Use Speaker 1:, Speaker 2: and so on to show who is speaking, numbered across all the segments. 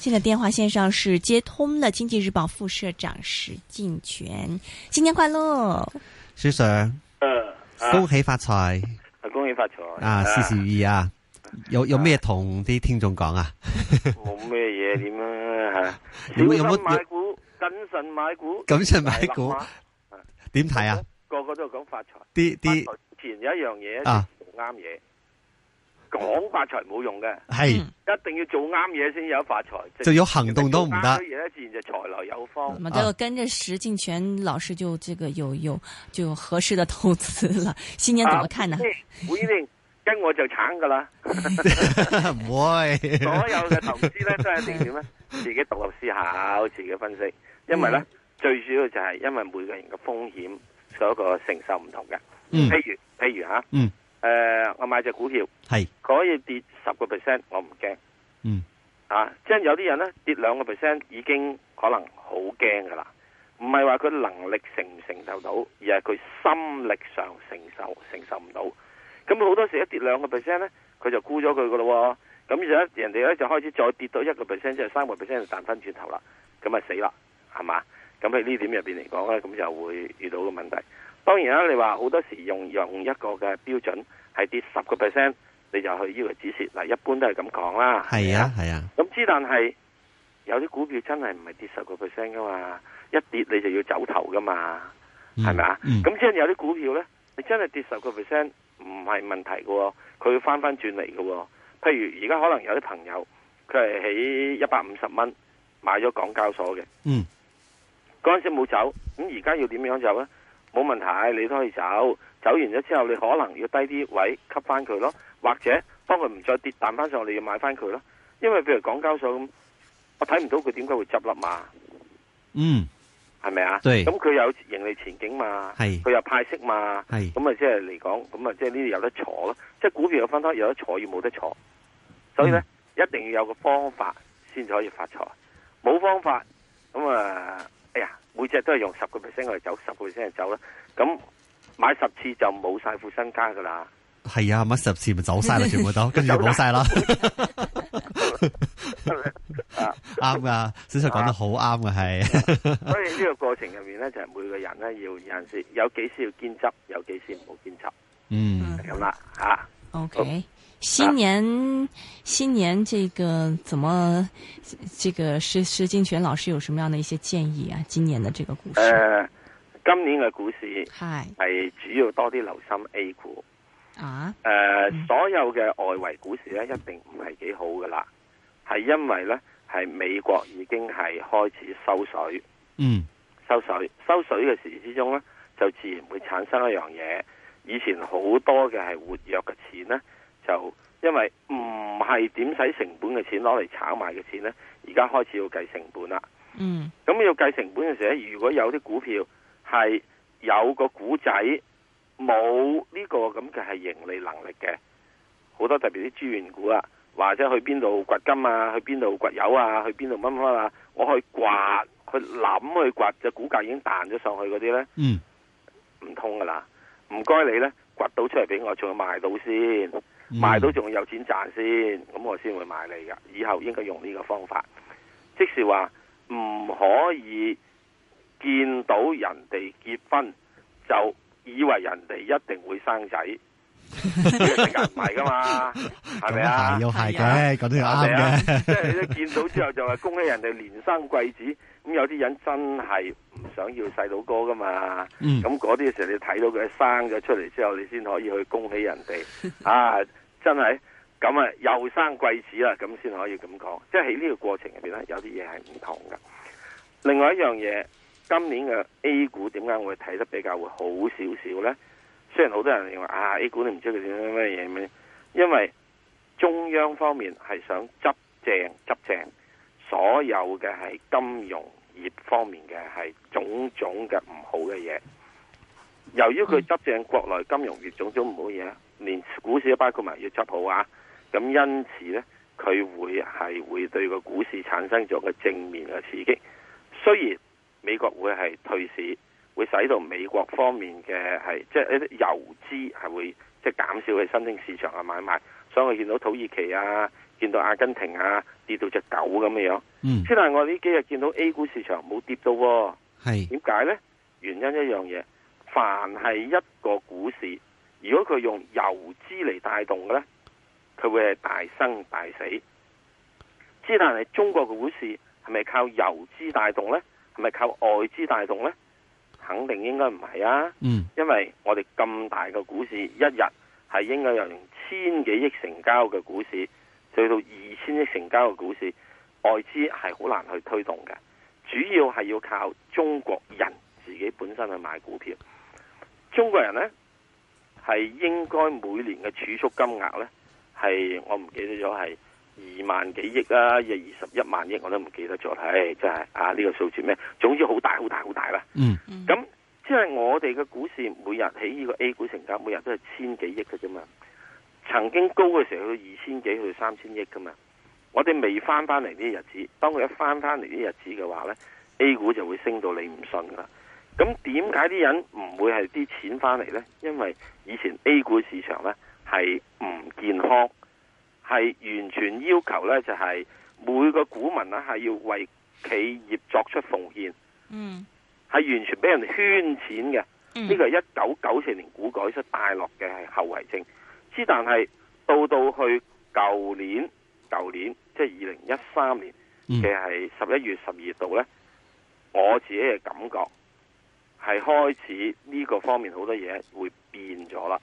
Speaker 1: 現在電話線上是接通了經濟日報副社長石鏡泉，新年快樂，
Speaker 2: 石 sir，嗯，恭喜發財，恭喜發財，啊事事如意啊，有有咩同啲聽眾講啊？冇咩嘢點啊吓，有冇有冇買股？謹慎買股，謹慎買股，
Speaker 3: 啊點睇啊？
Speaker 2: 個個都係講發財，啲啲前有一樣嘢啊，啱嘢。講發財冇用嘅，係一定要做啱嘢先有發財，就要行動都唔得。啲嘢自然就財來有方。咪都
Speaker 1: 跟住石鏡泉老師就這個有有就合適嘅投資啦。新年怎麼看呢？
Speaker 2: 唔會跟我就慘噶啦，
Speaker 3: 唔會。所有嘅投資咧
Speaker 2: 都係一定要點咧？自己獨立思考，自己分析。因為咧最主要就係因為每個人嘅風險嗰個承受唔同嘅。譬如譬如吓，嗯。誒、呃，我買隻股票，係是可以跌十個 percent，我唔驚。嗯，啊，即係有啲人咧跌兩個 percent 已經可能好驚噶啦，唔係話佢能力承唔承受到，而係佢心力上承受承受唔到。咁好多時一跌兩個 percent 咧，佢就沽咗佢噶咯。咁就一人哋咧就開始再跌到一個 percent，即係三個 percent 就彈翻轉頭啦。咁啊死啦，係嘛？咁喺呢點入邊嚟講咧，咁就會遇到個問題。當然啦、啊，你話好多時用用一個嘅標準係跌十個 percent，你就去以為止蝕。嗱，一般都係咁講啦。
Speaker 3: 係啊，係啊。咁
Speaker 2: 之但係有啲股票真係唔係跌十個 percent 噶嘛，一跌你就要走頭噶嘛，
Speaker 3: 係咪啊？咁即
Speaker 2: 係有啲股票咧，你真係跌十個 percent 唔係問題噶、啊，佢要翻翻轉嚟噶、啊。譬如而家可能有啲朋友佢係喺一百五十蚊買咗港交所嘅，嗯，嗰陣時冇走，咁而家要點樣走咧？冇問題，你都可以走。走完咗之後，你可能要低啲位吸翻佢咯，或者當佢唔再跌，彈翻上，你要買翻佢咯。因為譬如港交所咁，我睇唔到佢點解會執笠嘛。
Speaker 3: 嗯，
Speaker 2: 係咪啊？咁佢對有盈利前景嘛？佢是有派息嘛？咁啊是即係嚟講，咁啊即係呢啲有得坐咯。即係股票有分攤，有得坐要冇得坐，
Speaker 3: 所以呢，嗯、
Speaker 2: 一定要有個方法先可以發財。冇方法。即係都係用十個 percent 去走，十個 percent 去走啦。咁買十次就冇晒副身家噶啦。係啊，乜十次咪走晒啦， 全部都跟住冇晒啦。
Speaker 3: 啊，啱噶 Okay.，石生講得好
Speaker 2: 啱噶，係。所以呢個過程入面咧，就係每個人咧要人事，有幾時要兼職，有幾時唔好兼職。嗯，咁啦，吓。O K。新
Speaker 1: 年新年，啊、新年這個怎麼？這個石石鏡泉老師有什麼樣的一些建議啊？今年的這個股市？呃、
Speaker 2: 今年嘅股市係主要多啲留心 A 股啊。誒、呃，嗯、所有嘅外圍股市咧一定唔係幾好噶啦，係因為咧係美國已經係開始收水。嗯，收水，收水收水嘅時之中咧，就自然會產生一樣嘢，以前好多嘅係活躍嘅錢咧。就因為
Speaker 3: 唔係
Speaker 2: 點使成本嘅錢攞嚟炒賣嘅錢呢，而家開始要計成本啦。嗯，咁要計成本嘅時候，如果有啲股票係有個股仔冇呢個咁嘅係盈利能力嘅，好多特別啲資源股啊，或者去邊度掘金啊，去邊度掘油啊，去邊度乜乜啊，我去刮、嗯，去諗去掘隻股價已經彈咗上去嗰啲呢，嗯，唔通噶啦，唔該你呢，掘到出嚟俾我，仲要賣到先。賣、嗯、到仲有錢賺先，咁我先會買你噶。以後應該用呢個方法，即是話
Speaker 3: 唔可
Speaker 2: 以見到人哋結婚就以為人哋一定會生仔，
Speaker 3: 呢 個世界唔係嘛，係咪 啊？又係嘅，嗰啲又啱嘅。即係一
Speaker 2: 見到之後就話恭喜人哋連生貴子，咁有啲人真係唔想要細佬哥噶嘛。咁嗰啲時候你睇到佢生咗出嚟之後，你先可以去恭喜人哋啊。真係咁啊，又生貴子啦，咁先可以咁講。即係喺呢個過程入邊呢，有啲嘢係唔同㗎。另外一樣嘢，今年嘅 A 股點解會睇得比較會好少少呢？雖然好多人認為啊，A 股你唔知佢點樣乜嘢咩，因為中央方面係想執正執正，執所有嘅係金融業方面嘅係種種嘅唔好嘅嘢。由於佢執正國內金融業種種唔好嘢。連股市都包括埋要執好啊！咁因此呢，佢會係會對個股市產生咗個正面嘅刺激。雖然美國會係退市，會使到美國方面嘅係即係一啲游資係會即係減少去新興市場啊買賣。所以我見到土耳其啊，見到阿根廷啊跌到隻狗咁嘅樣。嗯，雖然我呢幾日見到 A 股市場冇跌到。哦，係點解呢？原因一樣嘢，凡係一個股市。如果佢用游資嚟帶動嘅呢，佢會係大生大死。之但係中國嘅股市係咪靠游資帶動呢？係咪靠外資帶動呢？肯定應該唔係啊。嗯，因為我哋咁大嘅股市，一日係應該有千幾億成交嘅股市，再到二千億成交嘅股市，外資係好難去推動嘅，主要係要靠中國人自己本身去買股票。中國人呢？係應該每年嘅儲蓄金額呢，係我唔記得咗係二萬幾億啊，二十一萬億我都唔記得咗，係、哎、真係啊呢、呢個數字咩？總之好大好大好大啦。
Speaker 3: 嗯，咁
Speaker 2: 即係我哋嘅股市每日喺呢個 A 股成交，每日都係千幾億嘅啫嘛。曾經高嘅時候去到二千幾去到三千億噶嘛，我哋未翻翻嚟呢啲日子，當佢一翻翻嚟呢啲日子嘅話呢 A 股就會升到你唔信噶啦。咁點解啲人唔會係啲錢翻嚟呢？因為以前 A 股市場呢係唔健康，係完全要求呢就係每個股民呢係要為企業作出奉獻。嗯，係完全俾人圈錢嘅。呢個係一九九四年股改出大落嘅係後遺症。之但係到到去舊年、舊年即係二零一三年其實係十一月十二度呢，我自己嘅感覺。係開始呢個方面好多嘢會變咗啦，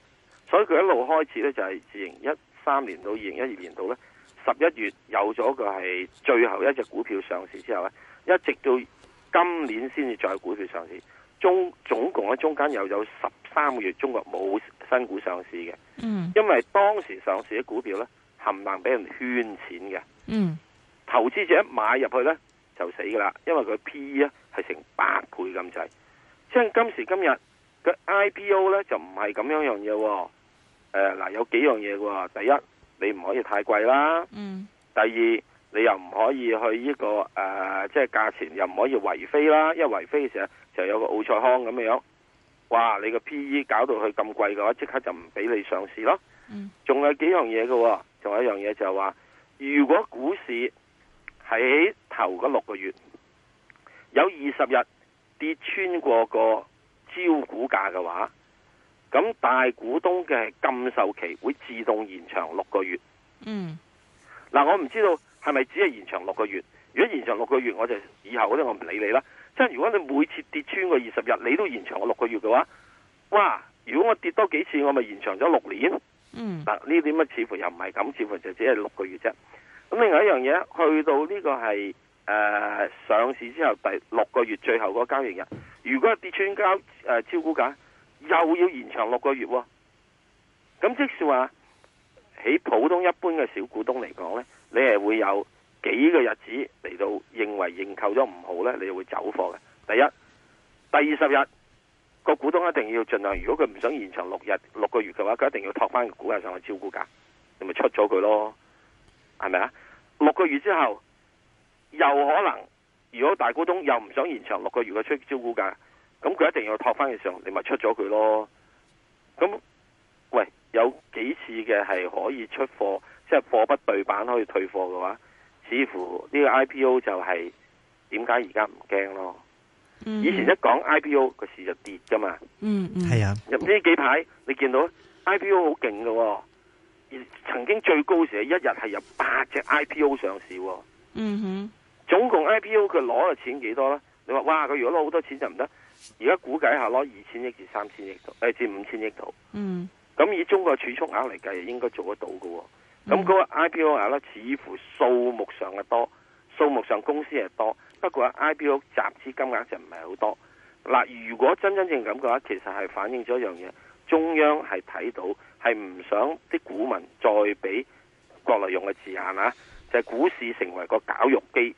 Speaker 2: 所以佢一路開始呢，就係自二零一三年到二零一二年度呢，十一月有咗個係最後一隻股票上市之後呢，一直到今年先至再股票上市，中總共喺中間又有十三個月中國冇新股上市嘅。嗯，因為當時上市嘅股票冚唪唥俾人圈錢嘅。嗯，投資者一買入去呢，就死噶啦，因為佢 P E 啊係成百倍咁滯。即係今時今日嘅 IPO 咧，就唔係咁樣樣嘢。誒，嗱，有幾樣嘢嘅。第一，你唔可以太貴啦。嗯。第二，你又唔可以去呢、這個誒，即係價錢又唔可以違非啦。因為違非嘅時候就有個奧賽康咁樣樣。哇！你個 PE 搞到佢咁貴嘅話，即刻就唔俾你上市咯。嗯。仲有幾樣嘢嘅，仲有一樣嘢就係話，如果股市喺頭嗰六個月有二十日。跌穿過個招股價嘅話，咁大股東嘅禁售期會自動延長六個月。
Speaker 3: 嗯，
Speaker 2: 嗱、啊，我唔知道係咪只係延長六個月。如果延長六個月，我就以後嗰啲我唔理你啦。即係如果你每次跌穿個二十日，你都延長我六個月嘅話，哇！如果我跌多幾次，我咪延長咗六年。嗯，嗱、啊，呢啲乜似乎又唔係咁，似乎就只係六個月啫。咁另外一樣嘢，去到呢個係。誒、呃，上市之後第六個月最後嗰個交易日，如果是跌穿交誒、呃、招股價，又要延長六個月，哦。咁即是話，喺普通一般嘅小股東嚟講呢，你係會有幾個日子嚟到認為認購咗唔好呢，你就會走貨嘅。第一，第二十日，嗰個股東一定要盡量，如果佢唔想延長六日六個月嘅話，佢一定要托翻股價上去招股價，你咪出咗佢咯，係咪啊？六個月之後。又可能，如果大股東又唔想延長六個月嘅，出招股價，咁佢一定要托翻嘅時候，你咪出咗佢咯。咁，喂，有幾次嘅係可以出貨，即係貨不對板可以退貨嘅話，似乎呢個 IPO 就係點解而家唔驚咯？Mm hmm. 以前一講 IPO 個市就跌噶嘛。嗯嗯
Speaker 3: ，mm，係、hmm. 啊。
Speaker 2: 入呢幾排你見到 IPO 好勁嘅，曾經最高時一日係有八隻 IPO 上市。嗯哼，mm。
Speaker 3: Hmm.
Speaker 2: 總共 IPO 佢攞嘅錢幾多呢？你話哇，佢如果攞好多錢就唔得。而家估計下攞二千億至三千億度，誒、哎，至五千億度。嗯。咁以中國嘅儲蓄額嚟計，應該做得到嘅。
Speaker 3: 咁嗰個
Speaker 2: IPO 啦，似乎數目上嘅多，數目上公司係多，不過 IPO 集資金額就唔係好多。嗱，如果真真正咁嘅話，其實係反映咗一樣嘢，中央係睇到係唔想啲股民再俾國內用嘅字眼啊，就係、是、股市成為個絞肉機。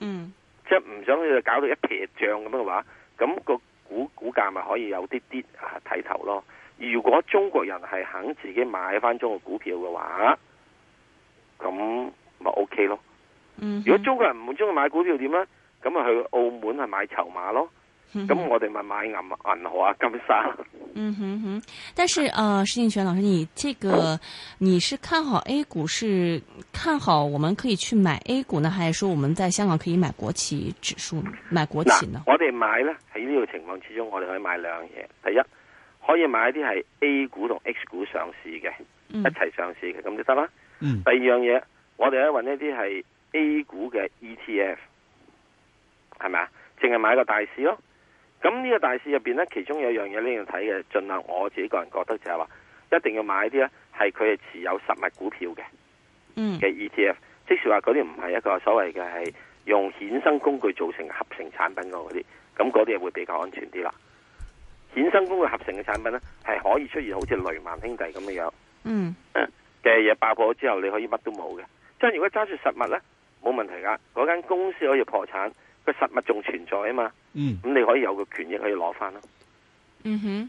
Speaker 2: 嗯，即係唔想佢搞到一撇漲咁樣嘅話，咁個股股價咪可以有啲啲啊睇頭咯。如果中國人係肯自己買翻中國股票嘅話，咁咪 OK 咯。嗯，如果中國人唔中意買股票點咧？咁咪去澳門係買籌碼咯。咁、嗯、我哋咪買銀銀河啊，金沙。嗯哼哼，
Speaker 1: 但是啊，石、呃、鏡泉老師，你這個你是看好 A 股，是看好我們可以去買 A 股呢，還是說我們在香港可以買國企指數，買國企呢？呢
Speaker 2: 我哋買呢，喺呢個情況之中，我哋可以買兩樣嘢。第一，可以買一啲係 A 股同 H 股上市嘅，嗯、一齊上市嘅咁就得啦。嗯、第二樣嘢，我哋呢揾一啲係 A 股嘅 ETF，係咪啊？淨係買一個大市咯。咁呢個大市入邊呢，其中有樣嘢呢，要睇嘅，儘量我自己個人覺得就係話，一定要買啲呢，係佢係持有實物股票嘅、嗯，嘅 ETF，即係話嗰啲唔係一個所謂嘅係用衍生工具做成合成產品嗰啲，咁嗰啲會比較安全啲啦。衍生工具合成嘅產品呢，係可以出現好似雷曼兄弟咁嘅樣，嘅嘢、嗯、爆破咗之後，你可以乜都冇嘅。即係如果揸住實物呢，冇問題㗎。嗰間公司可以破產。個實物仲存在啊嘛，嗯、咁、你可以有個權益可以攞翻咯。嗯哼。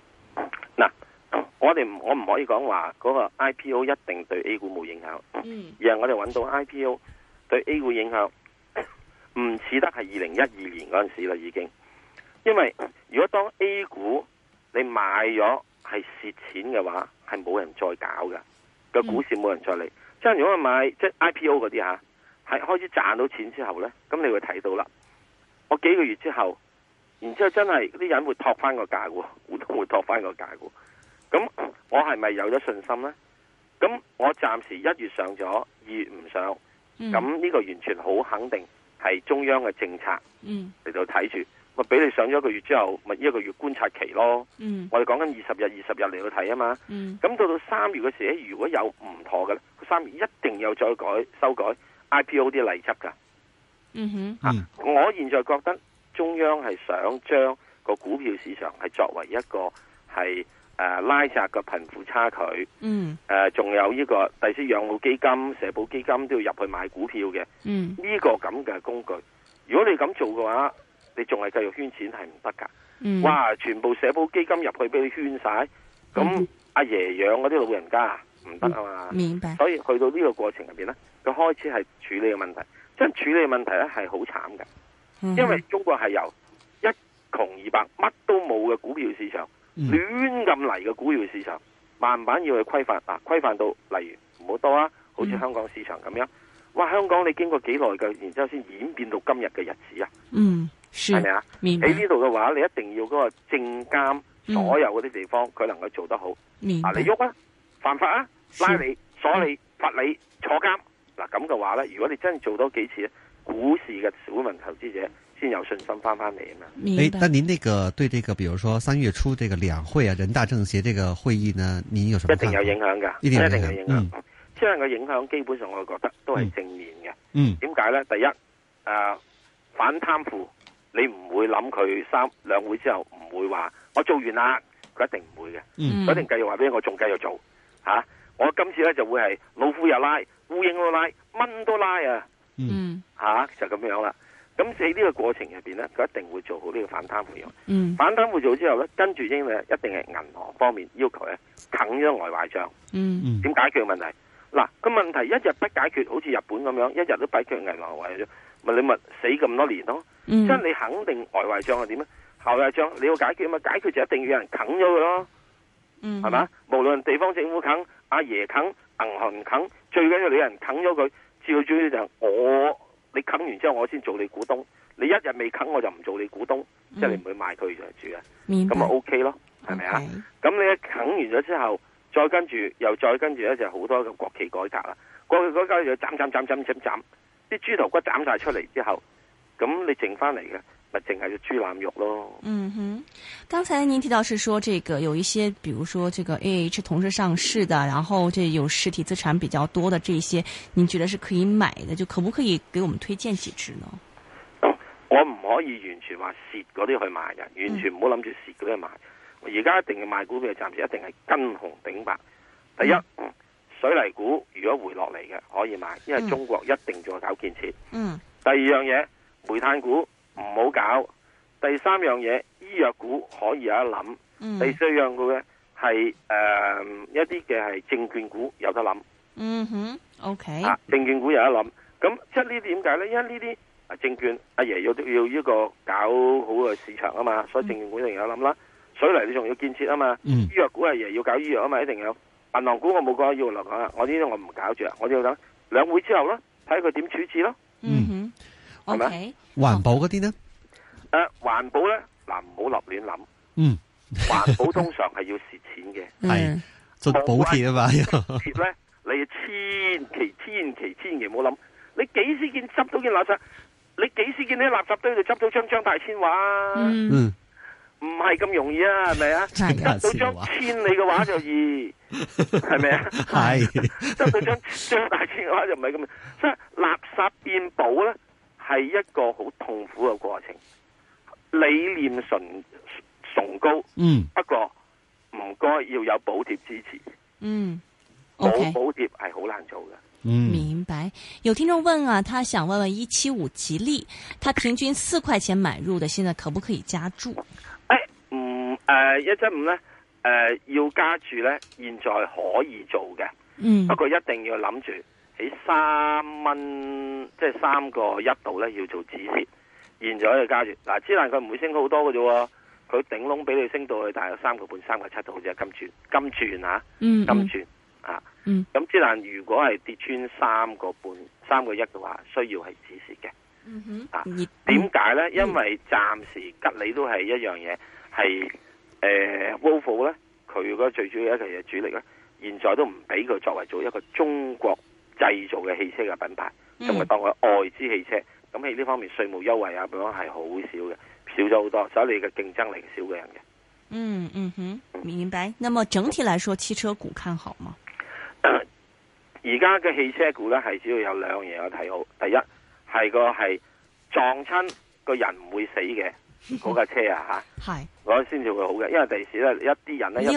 Speaker 2: 我哋我唔可以講話嗰個 IPO 一定對 A 股冇影響，而係我哋揾到 IPO 對 A 股影響唔似得係二零一二年嗰陣時啦，已經。因為如果當 A 股你買咗係蝕錢嘅話，係冇人再搞噶，個股市冇人再嚟。即係如果買即係 IPO 嗰啲吓，係開始賺到錢之後呢，咁你會睇到啦。我幾個月之後，然之後真係啲人會托翻個價噶，股都會托翻個價。咁我係咪有咗信心呢？咁我暫時一月上咗，二月唔上，
Speaker 3: 咁呢、
Speaker 2: 嗯、個完全好肯定係中央嘅政策嚟到睇住。嗯、我俾你上咗一個月之後，咪一個月觀察期咯。嗯、我哋講緊二十日、二十日嚟到睇啊嘛。咁、嗯、到到三月嘅時呢，如果有唔妥嘅呢，三月一定有再改修改 IPO 啲例則噶。嗯哼，嗯我現在覺得中央係想將個股票市場係作為一個係。誒、啊，拉窄個貧富差距，誒、嗯，仲、啊、有呢、這個，第四，養老基金、社保基金都要入去買股票嘅，呢、嗯、個咁嘅工具，如果你咁做嘅話，你仲係繼續圈錢係唔得噶，
Speaker 3: 哇、嗯！
Speaker 2: 全部社保基金入去俾你圈晒，咁阿爺養嗰啲老人家
Speaker 3: 唔得啊嘛，明白。所
Speaker 2: 以去到呢個過程入邊咧，佢開始係處理問題，即係處理問題咧係好慘噶，嗯、因為中國係由一窮二白乜都冇嘅股票市場。
Speaker 3: 亂咁嚟嘅
Speaker 2: 股票市場，慢慢要去規範啊，規範到例如唔好多啊，好似香港市場咁樣。嗯、哇，香港你經過幾耐嘅，然之後先演變到今日嘅日子啊。
Speaker 3: 嗯，係
Speaker 2: 咪啊？喺呢度嘅話，你一定要嗰個證監所有嗰啲地方，佢、嗯、能夠做得好。啊，你喐啊，犯法啊，拉你鎖你罰是你，罰你坐監。嗱咁嘅話呢，如果你真係做多幾次呢，股市嘅小民投資者。先有信心翻翻嚟啊嘛！誒白，
Speaker 3: 但您呢個對呢個，比
Speaker 2: 如說三月初呢個兩會啊，人大政協呢個會議呢，您有什麼？一定有影響噶，一定有影響。雖然個影響基本上，我覺得都係正面嘅。嗯，點解呢？第一，誒、啊，反貪腐，你唔會諗佢三兩會之後唔會話我做完啦，佢一定唔會嘅，嗯，佢一定繼續話俾我，仲繼續做，吓、啊，我今次咧就會係老虎又拉，烏蠅都拉，蚊都拉啊，
Speaker 3: 嗯，
Speaker 2: 吓、啊、就咁、是、樣啦。咁喺呢個過程入邊呢，佢一定會做好呢個反貪污用。嗯、反貪污做之後呢，跟住應嘅一定係銀行方面要求呢啃咗外壞賬。點、嗯嗯、解決問題？嗱個問題一日不解決，好似日本咁樣，一日都擺喺銀行壞賬，咪你咪死咁多年咯。即係、嗯、你肯定外壞賬係點咧？後壞賬你要解決，嘛，解決就一定要有人啃咗佢咯。係嘛、嗯？無論地方政府啃，阿爺啃，銀行啃，最緊要你有人啃咗佢。最最主要就係我。你啃完之後，我先做你股東。你一日未啃，我就唔做你股東，嗯、即係你唔會賣佢就住嘅。
Speaker 3: 咁咪費 OK 咯，係咪啊？
Speaker 2: 咁 Okay 你啃完咗之後，再跟住又再跟住咧，就好多嘅國企改革啦。國企改革就斬斬斬斬斬斬，啲豬頭骨斬晒出嚟之後，咁你剩翻嚟嘅。咪淨係要豬腩肉咯。嗯哼，
Speaker 1: 剛才您提到是說，這個有一些，比如說這個 A H、欸、同時上市的，然後就有實體資產比較多的這些，您覺得是可以買的，就可不可以給我們推薦幾
Speaker 2: 隻呢？我唔可以完全話蝕嗰啲去買嘅，完全唔好諗住蝕嗰啲去買。而家、嗯、一定要買股票，暫時一定係跟紅頂白。第一，嗯、水泥股如果回落嚟嘅可以買，因為中國一定仲要搞建設、嗯。嗯。第二樣嘢，煤炭股。唔好搞。第三樣嘢，醫藥股可以有一諗。嗯、第四樣股咧係誒一啲嘅係證券股有得諗。嗯
Speaker 3: 哼，OK。啊，
Speaker 2: 證券股有得諗。咁即係呢啲點解咧？因為呢啲啊證券阿爺要要呢個搞好個市場啊嘛，所以證券股一定有諗啦。水泥你仲要建設啊嘛，嗯、醫藥股係爺要搞醫藥啊嘛，一定有。銀行股我冇講要落，我呢度我唔搞住啊，我，我，我要等兩會之後咯，睇佢點處置咯。嗯哼。係咪
Speaker 3: 環保嗰啲呢？
Speaker 2: 誒、啊，環保咧嗱，唔好立亂諗。亂嗯，環保通常係要蝕錢嘅，係
Speaker 3: 做補貼啊嘛。貼
Speaker 2: 咧，你要千祈千祈千祈唔好諗。你幾時見執到件垃圾？你幾時見啲垃圾堆度執到張張大千畫、啊？嗯，唔係咁容易啊，係咪啊？執到張千里嘅畫就易，
Speaker 3: 係咪 啊？係
Speaker 2: 執 到張張大千嘅畫就唔係咁。所以垃圾變寶咧。係一個好痛苦嘅過程，理念純崇高，嗯，不過唔該要有補貼支持，
Speaker 3: 嗯，
Speaker 2: 冇、okay、補貼係好難做嘅，嗯。明
Speaker 1: 白。有聽眾問啊，他想問問一七五吉利，他平均四塊錢買入的，現在可不可以加注？
Speaker 2: 誒、哎，嗯，誒、呃、一七五咧，誒、呃、要加注咧，現在可以做嘅，嗯，不過一定要諗住。俾三蚊，即係三個一度咧，要做止蝕。現在又加住嗱，啊，芝蘭佢唔會升好多嘅啫，佢頂籠俾你升到去大約三個半、三個七度，好似金轉、金轉吓，
Speaker 3: 金轉，嗯嗯、啊。
Speaker 2: 咁芝蘭如果係跌穿三個半、三個一嘅話，需要係止蝕嘅。
Speaker 3: 啊，點
Speaker 2: 解咧？因為暫時吉利都係一樣嘢，係誒、呃、，Wolf 咧，佢嗰最主要一樣嘢主力咧，現在都唔俾佢作為做一個中國。製造嘅汽車嘅品牌，同埋當佢外資汽車，咁喺呢方面稅務優惠啊，咁樣係好少嘅，少咗好多，所以你嘅競爭力少過人嘅。嗯嗯哼，
Speaker 1: 明白。那麼整體來說，汽車股看好嗎？
Speaker 2: 而家嘅汽車股咧，係只要有兩樣嘢我睇好。第一係個係撞親個人唔會死嘅嗰架車啊吓，咁先至會好嘅。因為第時咧一啲人咧。